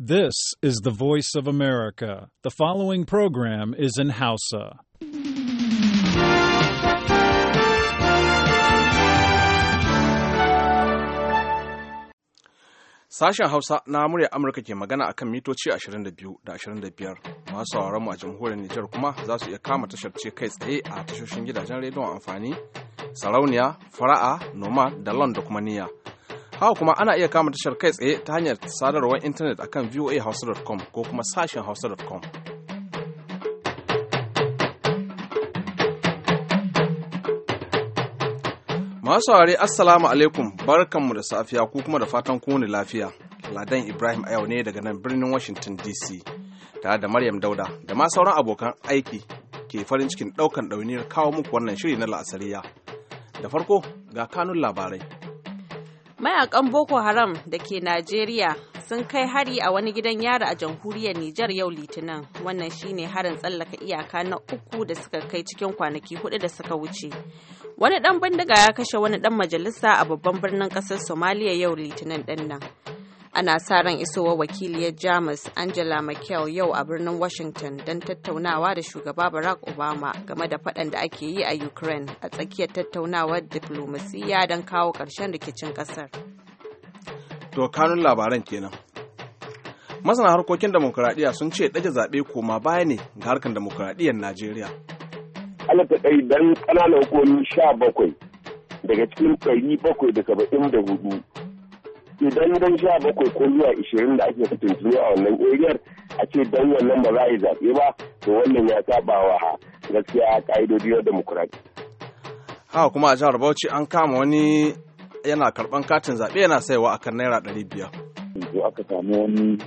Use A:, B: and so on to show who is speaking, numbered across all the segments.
A: This is the voice of America. The following program is in Hausa.
B: Sashen Hausa na murya Amurka ke magana akan mitoci 22 da 25 masu sauraron mu a jamhuriyar Nijar kuma za su iya kama tashar ce kai tsaye a tashoshin gidajen rediyon amfani, sarauniya, fara'a, noma da lon da kuma niyya. Haka kuma ana iya kama tashar kai tsaye ta hanyar sadarwar intanet akan voahouse.com ko kuma sashen hausa.com. Masu saurari Assalamu alaikum barkanmu da safiya ku kuma da fatan kowane lafiya. Ladan Ibrahim a yau ne daga nan birnin Washington DC tare da Maryam Dauda da ma sauran abokan aiki ke farin cikin ɗaukan ɗauniyar kawo muku wannan shiri na la'asariya. Da farko ga kanun labarai.
C: mayakan boko haram da ke najeriya sun kai hari a wani gidan yari a jamhuriyar nijar yau litinin wannan shine harin tsallaka iyaka na uku da suka kai cikin kwanaki hudu da suka wuce wani dan bindiga ya kashe wani dan majalisa a babban birnin kasar somaliya yau litinin din ana sa ran isowa wakiliyar jamus angela merkel yau a birnin washington don tattaunawa da shugaba barack obama game da faɗan da ake yi a ukraine a tsakiyar tattaunawar diflomasiyya don kawo ƙarshen rikicin ƙasar
B: to kanun labaran kenan masana harkokin demokuraɗiyya sun ce ɗaje zaɓe koma baya ne ga harkar demokuraɗiyyar najeriya
D: ƙananan sha bakwai daga cikin da da hudu idan dan sha bakwai ko zuwa ishirin da ake fitin tuni a wannan eriyar a ce dan wannan ba za a yi zaɓe ba to wannan ya saba wa gaskiya ka'idodi na demokuraɗi.
B: haka kuma a jihar bauchi an kama wani yana karɓan katin zaɓe yana saiwa a kan naira ɗari biyar. yanzu aka samu wani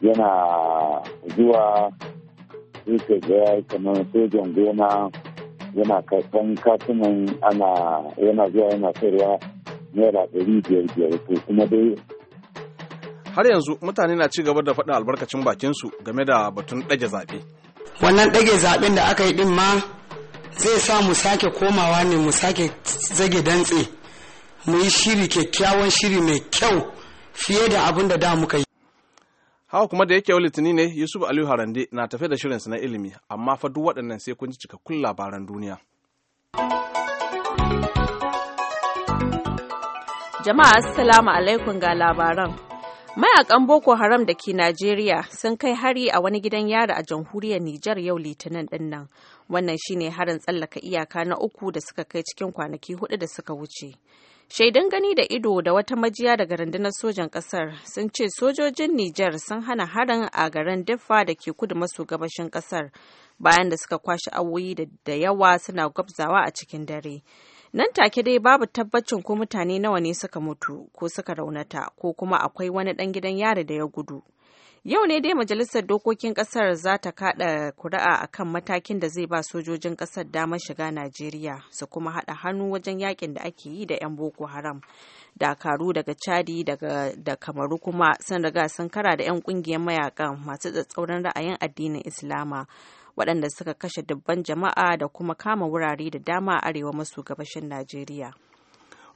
B: yana
E: zuwa sai ga kamar sojan gona yana karɓan katunan ana yana zuwa yana sayarwa naira ɗari biyar biyar ko kuma dai
B: har yanzu mutane na ci gaba da faɗin albarkacin bakinsu game da batun ɗage zaɓe. wannan ɗage zaɓen da aka yi ɗin ma zai sa mu sake
F: komawa ne mu sake zage dantse mu yi shiri kyakkyawan shiri mai kyau fiye da abin da da muka yi.
B: Hawa kuma da yake yau litini ne Yusuf Aliyu Harande na tafe da shirinsa na ilimi amma fa duk waɗannan sai kun ji cikakkun labaran duniya.
C: Jama'a Assalamu alaikum ga labaran. Mayakan Boko Haram da ke Najeriya sun kai hari a wani gidan yari a jamhuriyar Nijar yau Litinin din nan. Wannan shine harin tsallaka iyaka na uku da suka kai cikin kwanaki hudu da suka wuce. Shaidan gani da ido da wata majiya daga rundunar sojan kasar sun ce sojojin Nijar sun hana harin a garin Diffa da ke kudu maso gabashin kasar bayan da suka kwashe awoyi da yawa suna gwabzawa a cikin dare. Nan take dai babu tabbacin ko mutane nawa ne suka mutu ko suka raunata ko kuma akwai wani ɗan gidan yari da ya gudu. Yau ne dai Majalisar Dokokin Ƙasar za ta kaɗa kuri'a akan matakin da zai ba sojojin ƙasar damar shiga Najeriya su kuma haɗa hannu wajen yakin da ake yi da 'yan Boko Haram. Dakaru daga Chadi daga da Kamaru kuma sun riga sun kara da 'yan ƙungiyar mayakan masu tsatsauran ra'ayin addinin Islama waɗanda suka kashe dubban jama'a da kuma kama wurare da dama a arewa maso gabashin Najeriya.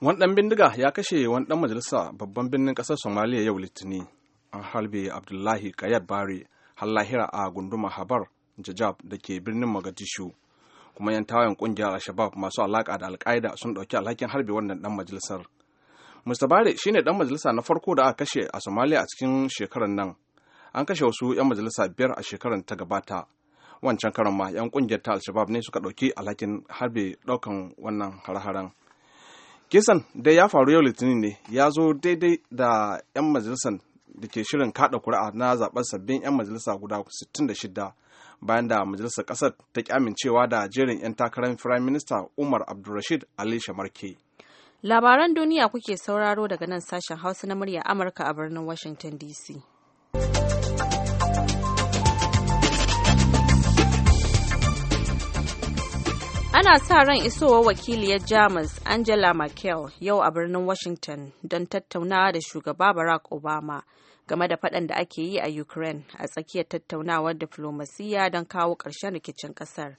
B: Wani ɗan bindiga ya kashe wani ɗan majalisa babban birnin ƙasar Somaliya yau Litinin an halbe Abdullahi Kayat Bare har lahira a gunduma Habar Jajab da ke birnin Mogadishu. Kuma 'yan tawayen ƙungiyar al masu alaƙa da al sun ɗauki alhakin harbe wannan ɗan majalisar. Mr. Bare shine ɗan majalisa na farko da aka kashe a Somaliya a cikin shekarar nan. An kashe wasu 'yan majalisa biyar a shekarar ta gabata. wancan karon ma 'yan kungiyar ta al ne suka ɗauki alhakin harbe daukan wannan har-haren kisan da ya faru yau litinin ne ya zo daidai da 'yan majalisar da ke shirin kada kuri'a na zaben sabbin 'yan majalisa guda 66 bayan da majalisar kasar ta kyamincewa da jerin 'yan takarar firayim minista umar abdulrashid ali shamarke
C: labaran duniya kuke sauraro daga nan sashen hausa na murya amurka a birnin washington dc Ana sa ran isowa wakiliyar Jamus Angela Merkel yau a birnin Washington don tattaunawa da shugaba Barack Obama game da faɗan da ake yi a Ukraine a tsakiyar tattaunawar diflomasiyya don kawo ƙarshen rikicin ƙasar.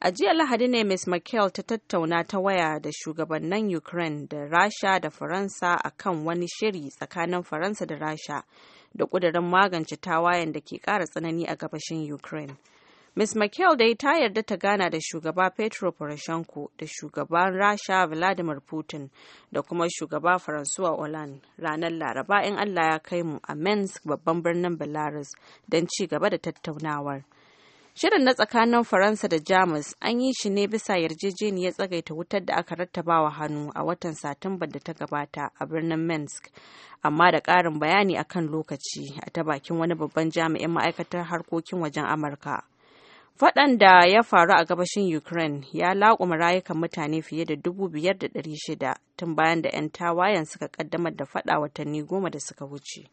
C: A jiya Lahadi ne Ms. Merkel ta tattauna ta waya da shugabannin Ukraine da Rasha da Faransa a kan wani shiri tsakanin Faransa da Rasha da ƙudurin magance tawayen da ke ƙara tsanani a gabashin Ukraine. Ms. McHale dai ta yarda ta gana da shugaba Petro Poroshenko da shugaban Rasha Vladimir Putin da kuma shugaba Faransuwa Hollande ranar Laraba in Allah ya kai mu a Minsk babban birnin Belarus don ci gaba da tattaunawar. Shirin na tsakanin Faransa da Jamus an yi shi ne bisa yarjejeniyar tsagaita wutar da aka rattabawa hannu a watan Satumba da ta gabata a birnin Minsk, amma da ƙarin bayani akan lokaci a ta bakin wani babban jami'in ma'aikatar harkokin wajen Amurka. Faɗan da ya faru a gabashin Ukraine ya laƙuma rayukan mutane fiye da 5,600 tun bayan da 'yan tawayen suka kaddamar da faɗa watanni goma da suka wuce.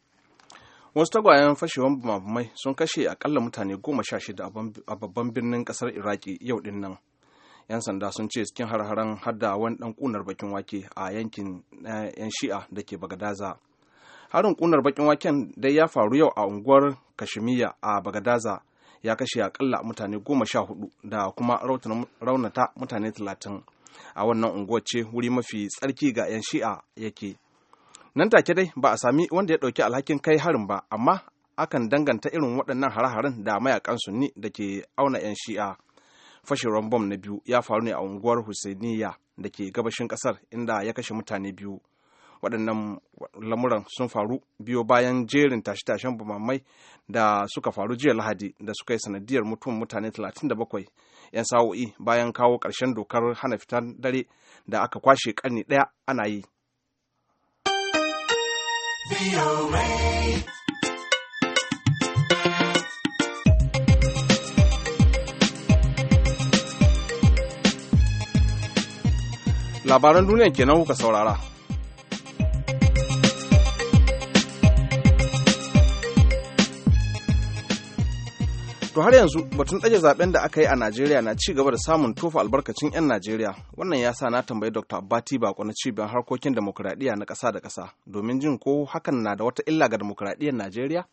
B: Wasu tagwayen fashewan bamamai sun kashe akalla mutane goma sha shida a babban birnin ƙasar Iraki yau din nan. 'Yan sanda sun ce cikin har-haren hadda wani ɗan ƙunar bakin wake a yankin eh, 'yan shi'a da ke Bagadaza. Harin ƙunar bakin waken dai ya faru yau a unguwar Kashimiya a Bagadaza. ya kashe akalla mutane goma sha hudu da kuma raunata mutane talatin a wannan unguwar ce wuri mafi tsarki ga 'yan shi'a yake nan take dai ba a sami wanda ya ɗauki alhakin kai harin ba amma akan danganta irin waɗannan hare-haren da mayakan sunni da ke auna 'yan shi'a fashewar bom na biyu ya faru ne a unguwar husainiya da ke gabashin ƙasar inda ya kashe mutane biyu waɗannan lamuran sun faru biyo bayan jerin tashe-tashen bamamai da suka faru jiya lahadi da suka yi sanadiyar mutum mutane 37 'yan sa'o'i bayan kawo ƙarshen dokar hana fitar dare da aka kwashe ƙarni ɗaya ana yi labaran duniya kenan kuka saurara To har yanzu batun ɗaje zaben da aka yi a Najeriya na ci gaba da samun tofa albarkacin 'yan Najeriya. Wannan ya sa na tambayi Dr. Abbati Bako na cibiyar harkokin demokuraɗiyya na ƙasa da ƙasa domin jin ko hakan na da wata illa ga demokuraɗiyyar Najeriya.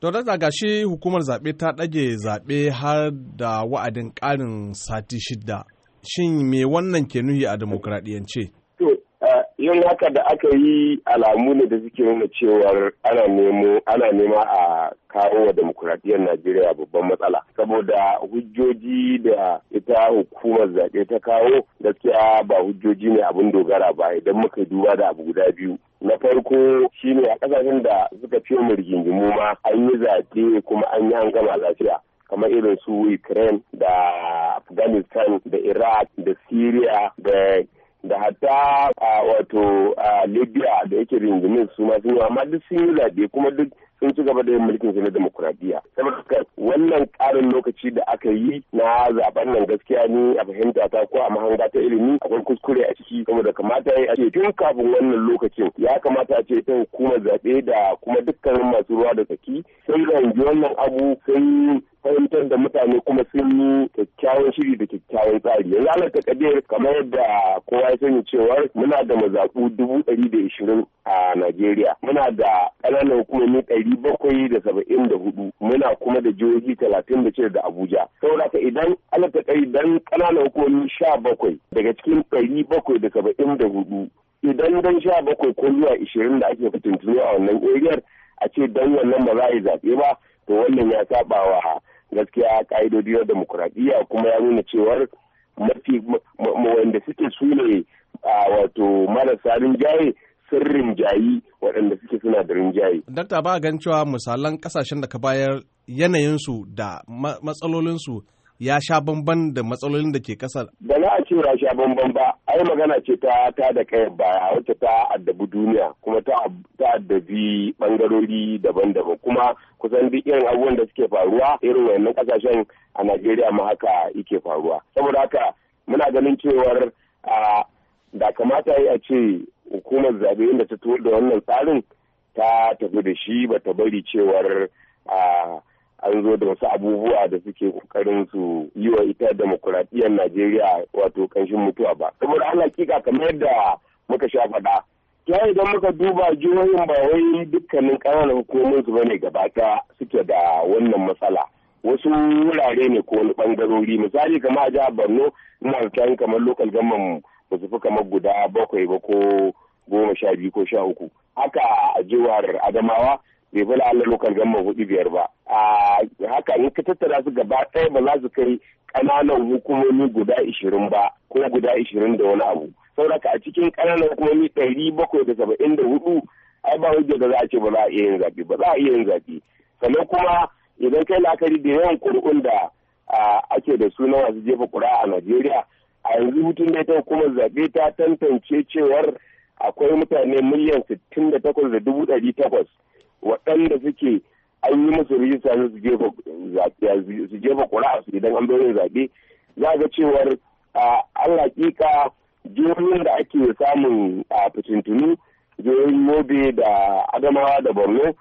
B: To da ga shi hukumar zaɓe ta ɗage zaɓe har da wa'adin ƙarin sati shida. Shin me wannan ke nuhi a demokuraɗiyyance?
D: yin haka da aka yi alamu ne da suke nuna cewar ana nemo ana nema a kawo wa demokuraɗiyyar Najeriya babban matsala. Saboda hujjoji da ita hukumar zaɓe ta kawo gaskiya ba hujjoji ne abin dogara ba idan muka duba da abu guda biyu. Na farko shine a kasashen da suka fi mu rigingimu ma an yi zaɓe kuma an yi an gama lafiya. kamar irin su Ukraine da Afghanistan da Iraq da Syria da da hatta wato Libya da yake ringimin su ma sun amma duk sun yi zaɓe kuma duk sun ci gaba da yin mulkin su na demokuraɗiyya saboda wannan ƙarin lokaci da aka yi na zaɓen nan gaskiya ni a fahimta ta ko a mahanga ta ilimi akwai kuskure a ciki da kamata ya ce tun kafin wannan lokacin ya kamata a ce ta hukumar zaɓe da kuma dukkanin masu ruwa da tsaki sun rangi wannan abu sun fahimtar da mutane kuma sun yi kyakkyawan shiri da kyakkyawan tsari yanzu ala takadir kamar yadda kowa ya sani cewa muna da mazaɓu dubu ɗari da ishirin a najeriya muna da ƙananan hukumomi ɗari bakwai da saba'in da hudu muna kuma da jihohi talatin da cire da abuja saboda idan ala dan ƙananan hukumomi sha bakwai daga cikin ɗari bakwai da saba'in da hudu idan dan sha bakwai ko zuwa ishirin da ake fitintunu a wannan eriyar a ce dan wannan ba za a yi zaɓe ba to wannan ya saba wa gaskiya ka'idodi na demokuraɗiyya kuma ya nuna cewar mafi wanda suke su ne wato marasa rinjaye sun rinjayi waɗanda suke suna da rinjaye.
B: Dakta ba gan cewa misalan ƙasashen da ka bayar yanayinsu da matsalolinsu ya sha bamban da matsalolin da ke kasar. Da za a ce ya
D: sha bamban ba, ai magana ce ta ta da kai baya wacce ta addabi duniya kuma ta addabi bangarori daban-daban kuma kusan duk irin abubuwan da suke faruwa irin wayannan kasashen a Najeriya ma haka yake faruwa. Saboda haka muna ganin cewar da kamata yi a ce hukumar zabe inda ta tuwo da wannan tsarin ta tafi da shi ba ta bari cewar an zo da wasu abubuwa da suke kokarin su yi wa ita demokuraɗiyyar Najeriya wato kanshin mutuwa ba. Saboda ana hakika kamar yadda muka sha faɗa. Ya idan muka duba jihohin ba wai dukkanin ƙananan hukumomin su bane gaba ta suke da wannan matsala. Wasu wurare ne ko wani ɓangarori misali kamar a jihar Borno ina da kamar lokal government ba su fi kamar guda bakwai ba ko goma sha biyu ko sha uku haka a jihar adamawa bai bala Allah lokal gamma hudu biyar ba a haka in ka tattara su gaba ɗaya ba za su kai ƙananan hukumomi guda ishirin ba ko guda ishirin da wani abu sauraka a cikin ƙananan hukumomi ɗari bakwai da saba'in da hudu ai ba hujja da za a ce ba za a iya yin zaɓe ba za a iya yin zaɓe sannan kuma idan kai la'akari da yawan ƙuri'un da ake da suna wasu masu jefa ƙura a Najeriya a yanzu hutun da ta hukumar zaɓe ta tantance cewar akwai mutane miliyan sittin da takwas da dubu ɗari takwas waɗanda suke an yi musu rijista su jefa ƙuri'a su idan an bayyana zaɓe za ga cewar an hakika jirgin da ake samun a fitintunu jirgin mobe da adamawa da borno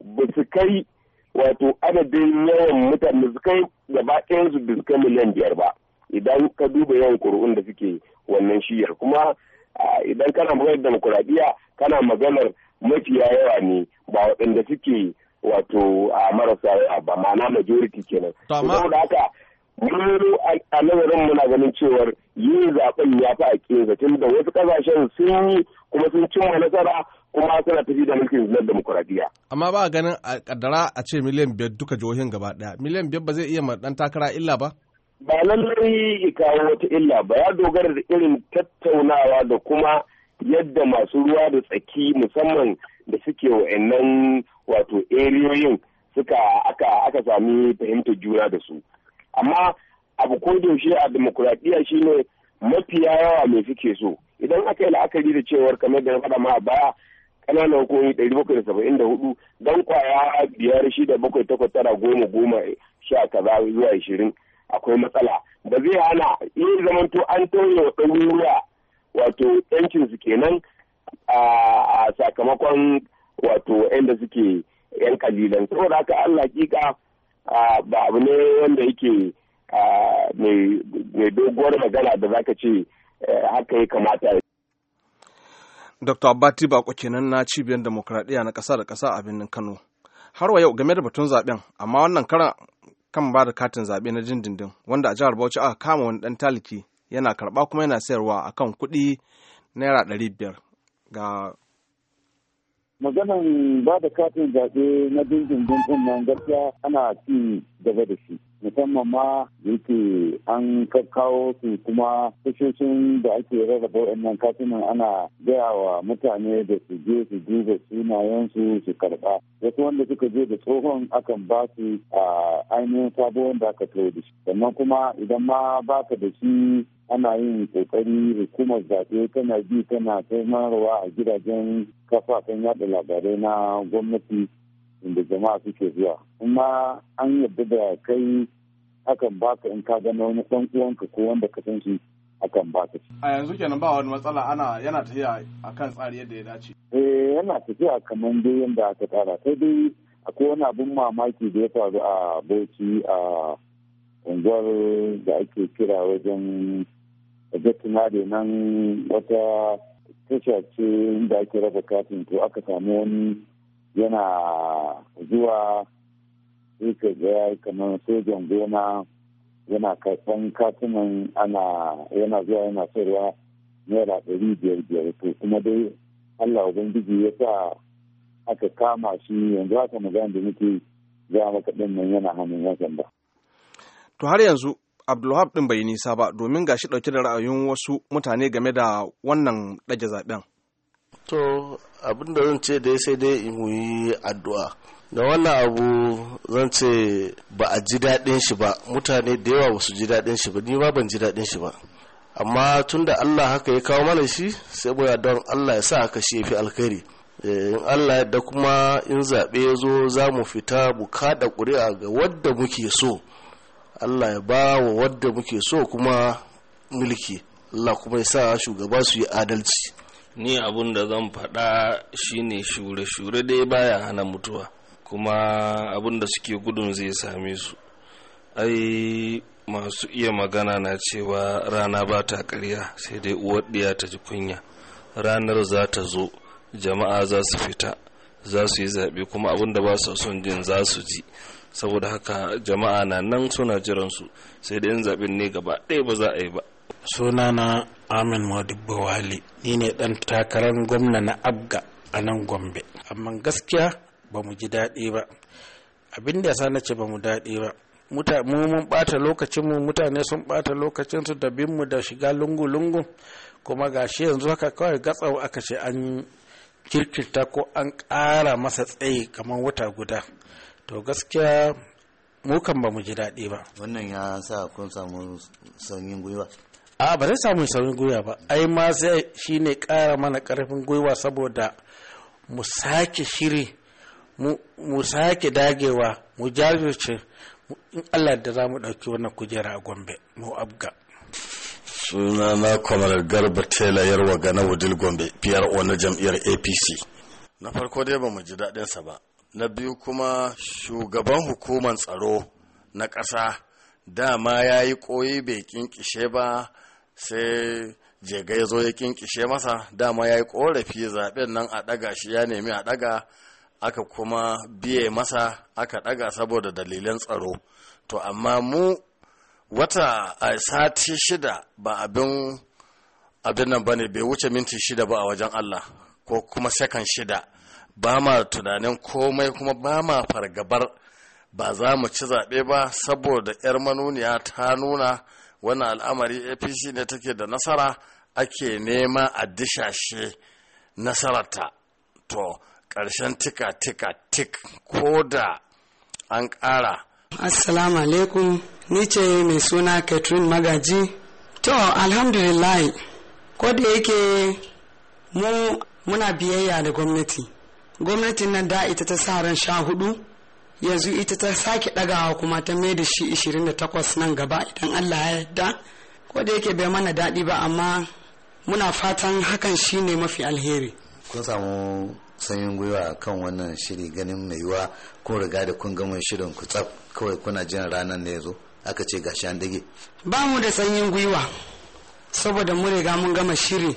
D: ba su kai wato adadin yawan mutane su kai gaba ɗayan su kai miliyan biyar ba idan ka duba yawan ƙuri'un da suke wannan shiyar kuma idan kana maganar demokuraɗiyya kana maganar mafiya yawa ne ba waɗanda suke wato a marasa yawa ba ma'ana majority kenan. Saboda haka mun a nazarin muna ganin cewar yi zaɓen ya fi a tun da wasu kasashen sun yi kuma sun cimma nasara kuma suna tafi da mulkin na demokuraɗiyya.
B: Amma ba a ganin a kaddara a ce miliyan biyar duka jihohin gaba ɗaya miliyan biyar ba zai iya maɗan takara illa ba?
D: Ba lallai kawo wata illa ba ya dogara da irin tattaunawa da kuma yadda masu ruwa da tsaki musamman da suke wa'annan wato eriyoyin suka aka aka sami fahimtar juna da su amma abu ko yaushe a demokuraɗiyya shine mafiya yawa mai suke so idan aka yi la'akari da cewar kamar da na faɗa ma baya ƙananan hukumomi ɗari bakwai da saba'in da hudu don kwaya biyar shida bakwai takwas tara goma goma sha kaza zuwa ashirin akwai matsala ba zai hana yin zamanto an tauye wa ɗaruruwa wato yankin su kenan a sakamakon wato yanda suke yan kalilan saboda haka Allah kika ba abu ne wanda yake mai doguwar magana da zaka ce eh, haka ya kamata
B: Dr. Abati Bako kenan na cibiyar demokradiyya na kasa da kasa a birnin Kano. Har wa yau game da batun zaɓen amma wannan karan kan ba da katin zaɓe na dindindin wanda a jihar Bauchi aka kama wani ɗan taliki yana karba kuma yana sayarwa a kan kuɗi naira ɗari biyar ga
E: maganan ba da katin zaɓe na dindindin nan gaskiya ana ci gaba da shi musamman ma yake an kakkawo su kuma tashoshin da ake rarraba nan katunan ana gaya wa mutane da su je su duba sunayensu su karɓa wasu wanda suka je da tsohon akan ba su a ainihin sabon da aka tsawo da shi sannan kuma idan ma ba ka da shi ana yin kokari hukumar zaɓe tana bi tana taimarwa a gidajen kafafen yaɗa labarai na gwamnati inda jama'a suke zuwa kuma an yadda da kai akan baka in ka gano wani ɗan uwanka ko wanda ka san shi akan baka shi
B: a yanzu kenan ba wani matsala ana yana tafiya akan tsari yadda ya dace
E: eh yana tafiya kamar dai yanda aka tsara sai dai akwai wani abin mamaki da ya faru a Bauchi a unguwar da ake kira wajen veterinary nan wata tasha ce inda ake raba katin to aka samu wani yana zuwa sai ka kamar sojan gona yana karɓan katunan ana yana zuwa yana sayarwa naira ɗari biyar biyar to kuma dai allah ubangiji ya sa aka kama shi yanzu haka magana da muke za maka ɗin nan yana hannun
B: yan ba. to har yanzu abdulwahab ɗin bai nisa ba domin gashi ɗauke da ra'ayin wasu mutane game da wannan ɗage zaɓen.
G: to abinda zan ce dai sai dai mu yi addu'a da wannan abu zan ce ba a ji daɗin shi ba mutane da yawa ba su ji daɗin shi ba ni ma ban ji daɗin shi ba amma tun da allah haka ya kawo mana shi sai muna don allah ya sa haka shi fi alkhairi eh, in allah da kuma in zaɓe ya zo za mu fita mu kaɗa ƙuri'a ga wadda muke so allah ya ba wa wadda muke so kuma mulki allah kuma ya sa shugaba su yi adalci ni abun da zan faɗa shine
B: shure-shure dai baya hana mutuwa kuma abun da suke gudun zai same su ai masu iya magana na cewa rana ba ta karya sai dai uwar ɗiya ta ji kunya ranar za ta zo jama'a za su fita za su yi zaɓe kuma abun da ba su son jin za su ji saboda haka jama'a na nan suna jiransu sai dai yin zaɓen ne gaba ɗaya ba za a yi ba
F: sunana amin modibbo wali ni ne dan takarar gwamna na abga a nan gombe amma gaskiya ba mu ji daɗi ba abin da yasa na ce ba mu daɗi ba mu mun ɓata lokacinmu mutane sun ɓata lokacinsu da binmu da shiga lungu-lungu kuma ga shi yanzu haka kawai gatsau aka ce an kirkirta ko an ƙara masa tsaye kamar wata guda to gaskiya mu kan ba mu ji daɗi ba wannan ya sa kun samu sanyin gwiwa a ba zai samu saurin gwiwa ba ai ma zai shi ne ƙara mana karfin gwiwa saboda mu sake shiri mu sake dagewa mu jajirce in allah da za mu ɗauki wannan kujera a gombe mu abga suna na kwamar garba tela yarwa ga na wudil gombe pro na jam'iyyar apc na farko dai ba mu ji daɗinsa ba na biyu kuma shugaban hukumar tsaro na ƙasa dama ya yi koyi bai kinkishe ba sai jega ya zo ya kinkishe masa dama ya yi korafi zaben nan a daga shi ya nemi a daga aka kuma biye masa aka daga saboda dalilin tsaro to amma mu wata a sati shida ba abin abin nan bane bai wuce minti shida ba a wajen Allah ko kuma sakan shida ba ma tunanin komai kuma ba ma fargabar ba za mu ci zaɓe ba saboda 'yar manuniya ta nuna wannan al'amari apc ne take da nasara ake nema a dishashe nasararta to ƙarshen tika tika tik ko da an ƙara
C: assalamu alaikum ni ce mai suna catherine magaji to alhamdulillah ko da yake mu muna biyayya da gwamnati gwamnatin nan da ita ta sa ran sha hudu yanzu ita ta sake ɗagawa kuma ta mai da shi 28 nan gaba idan allah ya yarda ko da yake bai mana daɗi ba amma muna fatan hakan shine mafi alheri
G: kun samu sanyin gwiwa kan wannan shiri ganin mai yiwa kun riga da kun gama shirin ku tsaf kawai kuna jin ranar ne yazo aka ce gashi an dage
C: ba mu da sanyin gwiwa saboda mu riga mun gama shiri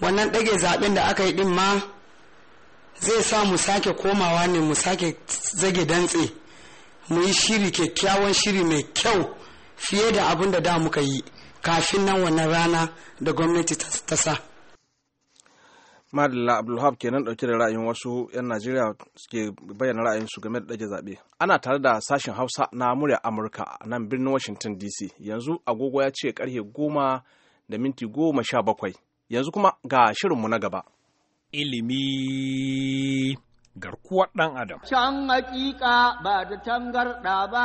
C: wannan dage zaben da aka yi din ma zai sa mu sake komawa ne mu sake zage dantse mu yi shiri kyakkyawan shiri mai kyau fiye da abin da da muka yi kafin nan wannan rana da gwamnati ta sa.
B: madalla abdulhab kenan dauke da ra'ayin wasu 'yan najeriya suke bayyana ra'ayin su game da ɗage zaɓe ana tare da sashen hausa na murya amurka nan birnin washington dc yanzu agogo ya ce karfe goma da minti goma sha bakwai yanzu kuma ga shirinmu na gaba
A: ilimi garkuwar ɗan adam.
C: Can hakika ba da tangarɗa ba,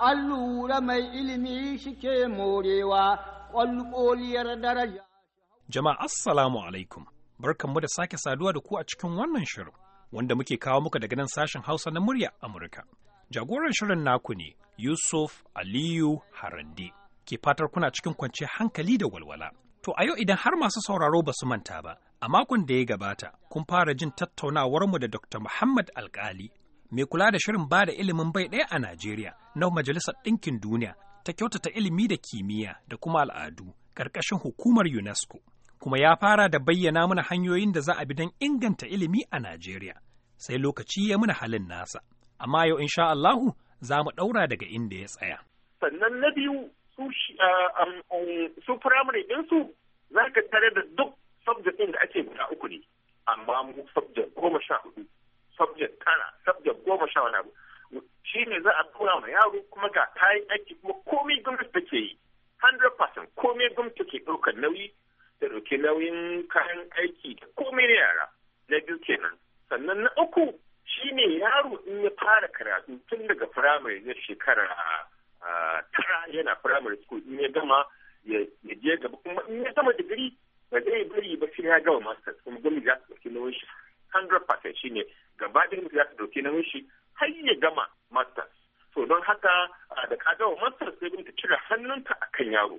C: an lura mai ilimi shi ke morewa ƙwalƙoliyar daraja.
A: Jama'a Assalamu alaikum, barkanmu da sake saduwa da ku a cikin wannan shirin, wanda muke kawo muka daga nan sashen Hausa na murya Amurka. Jagoran shirin naku ne Yusuf Aliyu Harande, ke fatar kuna cikin kwanciyar hankali da walwala. To a yau idan har masu sauraro ba su manta ba, A makon da ya gabata, kun fara jin tattaunawarmu da Dr. Muhammad Alkali, mai kula da shirin ba da ilimin bai ɗaya a Najeriya na Majalisar Ɗinkin Duniya ta kyautata ilimi da kimiyya da kuma al'adu ƙarƙashin hukumar UNESCO. Kuma ya fara da bayyana mana hanyoyin da za a bi don inganta ilimi a Najeriya. Sai lokaci ya muna halin nasa. Amma yau insha Allahu za mu ɗaura daga inda ya tsaya.
D: Sannan na biyu su ah, um, firamare ɗinsu za ka tare da duk subject ɗin da ake guda uku ne amma mu subject goma sha hudu subject tara subject goma sha wani abu shi ne za a tura ma yaro kuma ga kayan aiki kuma komai gwamnati take yi 100% komai gwamnati ke ɗaukar nauyi da ɗauke nauyin kayan aiki da komai na yara na biyu kenan sannan na uku shi ne yaro in ya fara karatu tun daga firamare na shekara ah, tara yana firamare school in ya gama ya je gaba kuma in ya gama digiri ba zai bari ba sai ya gama masters kuma gwamnati za su dauki nauyin shi 100% shine gaba da gwamnati za ta dauki nauyin shi har ya gama masters to don haka da ka gama masters sai gwamnati cire hannunta akan yaro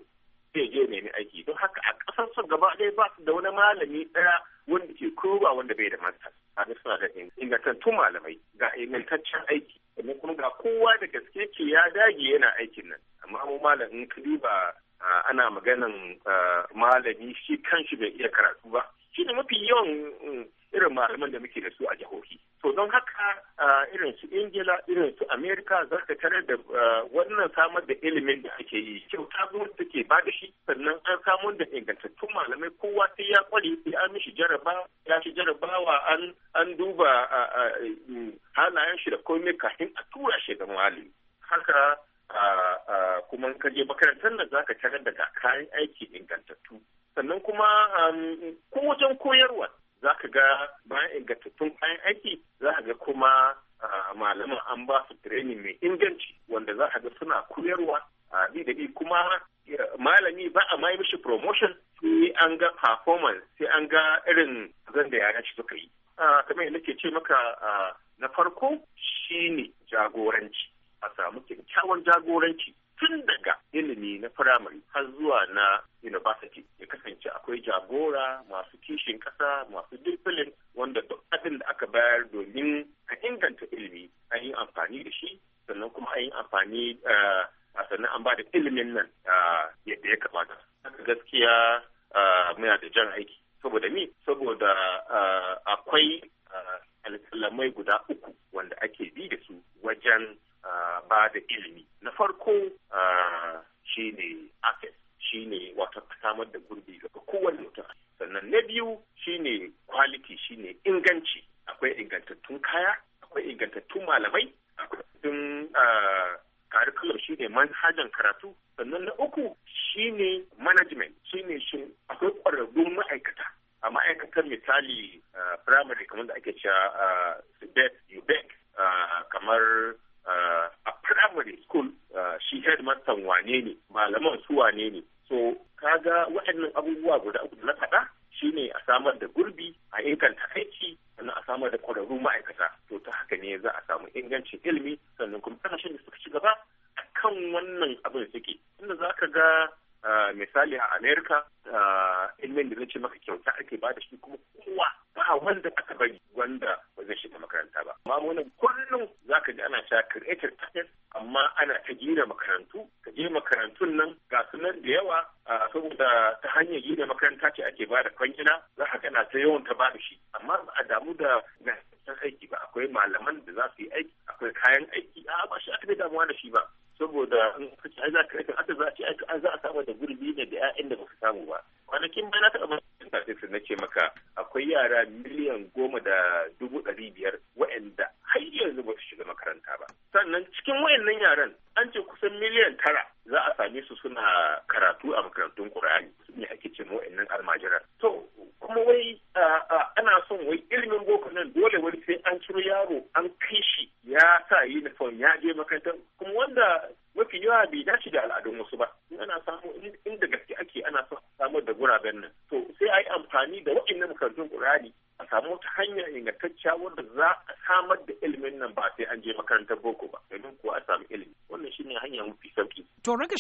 D: zai je nemi aiki don haka a ƙasar su gaba ɗaya ba su da wani malami ɗaya wanda ke kowa wanda bai da masters a suna da ingantattun malamai ga ingantaccen aiki sannan kuma ga kowa da gaske ke ya dage yana aikin nan amma mu malam in ka duba ana maganan malami shi kanshi bai iya karatu ba shi ne mafi yawan mm, irin malaman da muke da su a jihohi to don haka irin su ingila irin su amerika za ka tarar da wannan samar da ilimin da ake yi kyauta da ke ba da shi sannan an samun da ingantattun malamai kowa sai ya kware sai an mishi jaraba ya shi jarabawa an duba mm, halayen shi da komai kafin a tura shi ga malami haka ka je makarantar nan ka tarar da kayan aiki ingantattu sannan kuma um, ko wajen koyarwa zaka ga bayan ingantattun kayan aiki zaka ga kuma uh, malaman an ba su training mai inganci wanda za ga suna koyarwa a uh, da bi kuma uh, malami ba a mai mishi promotion sai an ga performance sai an ga irin zan da yaran shi suka yi kamar yadda nake ce maka na farko primary har zuwa na university ya kasance akwai jagora masu kishin kasa masu discipline wanda duk abin da aka bayar domin a inganta ilimi an yi amfani da shi sannan kuma an yi amfani a ah, sannan an ba da ilimin nan ah, yadda ya kamata haka gaskiya ah, muna da jan aiki saboda mi saboda akwai alƙalamai guda uku wanda ake bi da su wajen ba da ilimi na farko shi ne access shi ne wata samar da gurbi ga kowane mutum sannan na biyu shi ne kwaliti, shi ne inganci akwai ingantattun kaya akwai ingantattun malamai akwai curriculum shi ne manhajan karatu sannan na uku shi ne management shi ne shi akwai ƙwararrun ma'aikata a ma'aikatar misali primary kamar da ake cewa subet ubek kamar Uh, a primary school uh, shi headmaster wane ne malaman su wane ne so kaga waɗannan abubuwa guda uku na faɗa shine a samar da gurbi a inganta aiki sannan a samar da ƙwararru ma'aikata to ta haka ne za a samu ingancin ilimi sannan kuma ƙasashen da suka ci gaba a kan wannan abin suke inda za ka ga uh, misali a america ilimin da na ce maka kyauta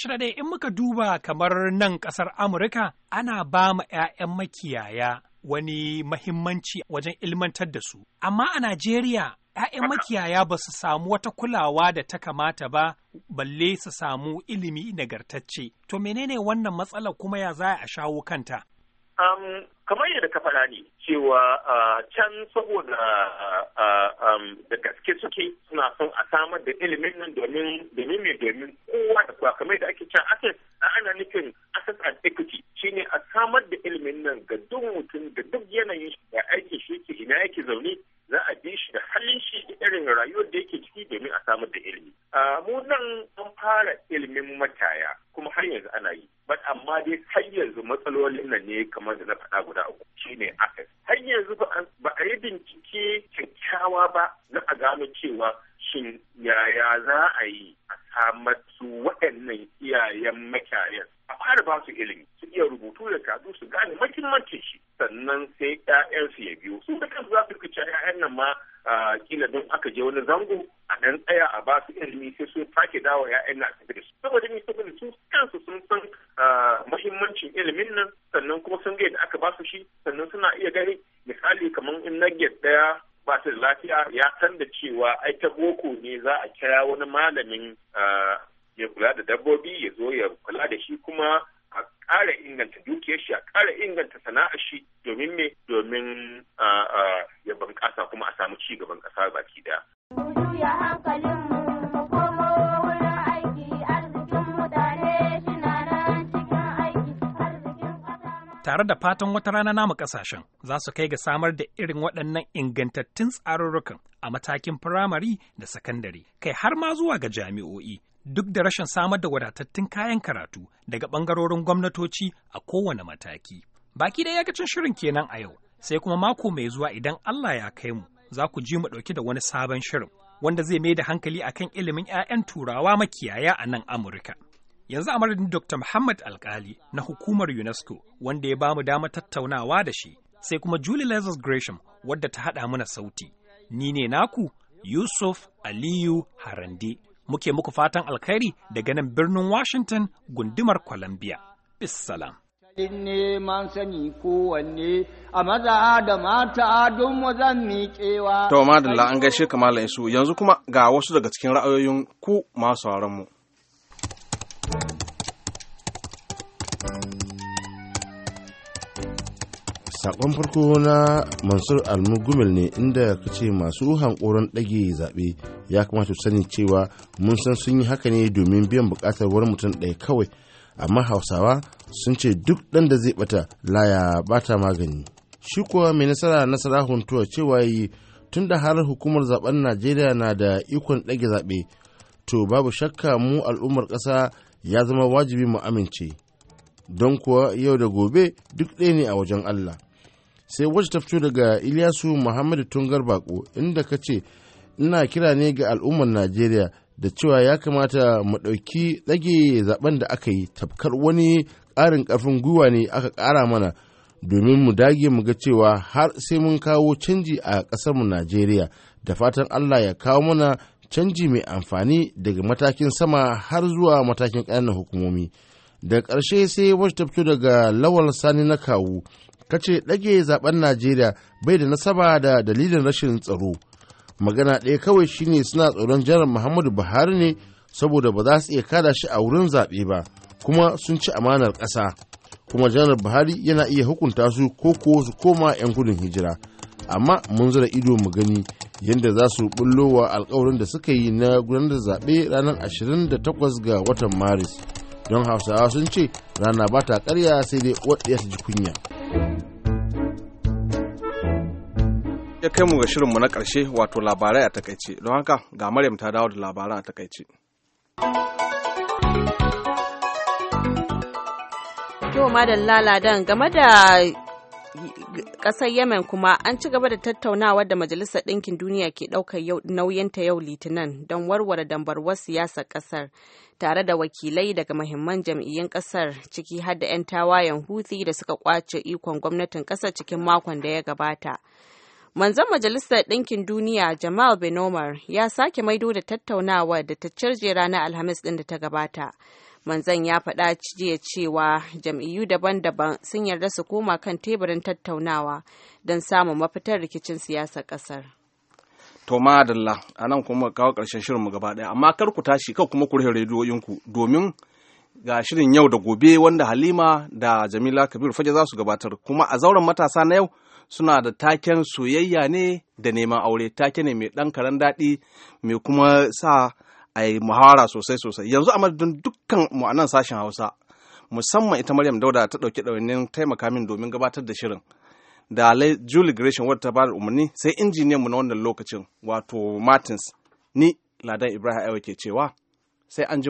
A: dai in muka duba kamar nan ƙasar Amurka ana ba ma 'ya'yan makiyaya wani mahimmanci wajen ilmantar da su. Amma a Najeriya, 'ya'yan makiyaya ba su samu wata kulawa da ta kamata ba, balle su samu ilimi nagartacce. To menene wannan matsala kuma ya za a shawo kanta?
D: Um, kamar yadda ka fara ne cewa can saboda da gaske suke suna son a samar da ilimin nan domin domin mai domin kowa da kowa kamar yadda ake can ake. ana nufin Access and equity shine a samar da ilimin nan ga duk mutum da duk yanayin shi da aiki shi yake ina yake zaune za a bi shi da halin shi da irin rayuwar da yake ciki domin a samar da ilimi. mu nan an fara ilimin mataya kuma har yanzu ana yi Bat amma dai har yanzu matsalolin nan ne kamar da na faɗa guda uku shi ne access har yanzu ba a yi bincike kyakkyawa ba na a gano cewa shin yaya za a yi a masu waɗannan iyayen makayan a fara ba su ilimi su iya rubutu da kadu su gane mahimmancin shi sannan sai 'ya'yansu ya biyo su da kansu za su rikice 'ya'yan nan ma kila don aka je wani zango a ɗan tsaya a ba su ilimi sai sun take dawa 'ya'yan na da su saboda ni saboda su kansu sun san mahimmancin ilimin nan sannan kuma sun ga yadda aka ba su shi sannan suna iya gani misali kamar in na ɗaya ba lafiya ya san da cewa ai ta boko ne za a kira wani malamin ya kula da dabbobi ya zo ya kula da shi kuma a ƙara inganta dukiyar shi a ƙara inganta sana'ar shi domin me domin ya bunƙasa kuma a samu ci gaban ƙasa baki
C: daya.
A: tare da fatan wata rana namu kasashen za su kai ga samar da irin waɗannan ingantattun tsarurrukan a matakin firamare da sakandare kai har ma zuwa ga jami'o'i duk da rashin samar da wadatattun kayan karatu daga ɓangarorin gwamnatoci a kowane mataki baki da yakacin shirin kenan a yau sai kuma mako mai zuwa idan Allah ya kai mu za ku ji mu ɗauki da wani sabon shirin wanda zai mai da hankali akan ilimin 'ya'yan turawa makiyaya a nan Amurka. Yanzu a madadin Dr. Muhammad Alkali na hukumar UNESCO wanda ya bamu dama tattaunawa da shi, sai kuma Julie Lazarus Gresham wadda ta haɗa mana sauti. Ni ne naku Yusuf Aliyu Harande. Muke muku fatan alkhairi daga nan birnin Washington gundumar Columbia. Bissalam.
C: neman sani kowanne a maza da mata don wazan miƙewa. To,
B: madalla an gaishe kamala isu yanzu kuma ga wasu daga cikin ra'ayoyin ku masu mu.
G: sakon farko na mansur almugumil ne inda ka ce masu hankoron ɗage zaɓe ya kamata sani cewa mun san sun yi haka ne domin biyan buƙatar wani mutum ɗaya kawai amma hausawa sun ce duk ɗan da zai ɓata laya bata magani shi kuwa mai nasara nasara huntuwa cewa yi tun da har hukumar zaben najeriya na da ikon ɗage zaɓe to babu shakka mu al'ummar ƙasa ya zama wajibi mu amince don kuwa yau da gobe duk ɗaya ne a wajen Allah sai wacce ta fito daga Ilyasu Muhammadu Tungar Bako inda ka ce ina kira ne ga al'ummar Najeriya da cewa ya kamata mu ɗauki ɗage zaben da aka yi tafkar wani ƙarin ƙarfin gwiwa ne aka ƙara mana domin mu dage mu ga cewa har sai mun kawo canji a ƙasarmu Najeriya da fatan Allah ya kawo mana canji mai amfani daga matakin sama har zuwa matakin ƙananan hukumomi da ƙarshe sai wacce ta fito daga lawal sani na kawu kace ɗage zaben najeriya bai da nasaba da dalilin rashin tsaro magana ɗaya kawai shine suna tsoron janar muhammadu buhari ne saboda ba za su iya kada shi a wurin zaɓe ba kuma sun ci amanar ƙasa kuma janar buhari yana iya hukunta su ko ko su koma 'yan gudun hijira amma mun zura ido mu gani yadda za su bullowa alkawarin da suka yi na gudanar zaɓe ranar 28 ga watan maris don hausawa sun ce rana ba ta karya sai dai wadda ya ji kunya
B: ya kai mu ga shirinmu na ƙarshe wato labarai a takaice don haka ga maryam ta dawo da labarai a takaice
C: to madalla ladan game da kasar yemen kuma an ci gaba da tattaunawar da majalisar ɗinkin duniya ke ɗaukar nauyinta yau litinin don warware dambarwar siyasar ƙasar tare da wakilai daga mahimman jam'iyyun ƙasar ciki har da 'yan tawayen huthi da suka kwace ikon gwamnatin ƙasar cikin makon da ya gabata manzon majalisar ɗinkin duniya jamal Omar ya sake maido da tattaunawa da ta cirje ranar alhamis ɗin da ta gabata manzan ya faɗa jiya cewa jam'iyyu daban-daban sun yarda su koma kan teburin tattaunawa don samun mafitar rikicin siyasar ƙasar.
B: to madalla a nan kuma kawo ƙarshen shirinmu gaba ɗaya amma kar ku tashi kar kuma ku rufe rediyoyinku domin ga shirin yau da gobe wanda halima da jamila kabiru faje za su gabatar kuma a zauren matasa na yau suna da taken soyayya ne da neman aure take ne mai ɗan karen daɗi mai kuma sa a yi muhawara sosai sosai yanzu a madadin dukkan mu a nan sashen hausa musamman ita maryam dauda ta ɗauki ɗaunin taimaka min domin gabatar da shirin da julie gresham wadda ta bada umarni sai injiniyanmu mu na wannan lokacin wato martins ni ladan ibrahim aiwa ke cewa sai an ji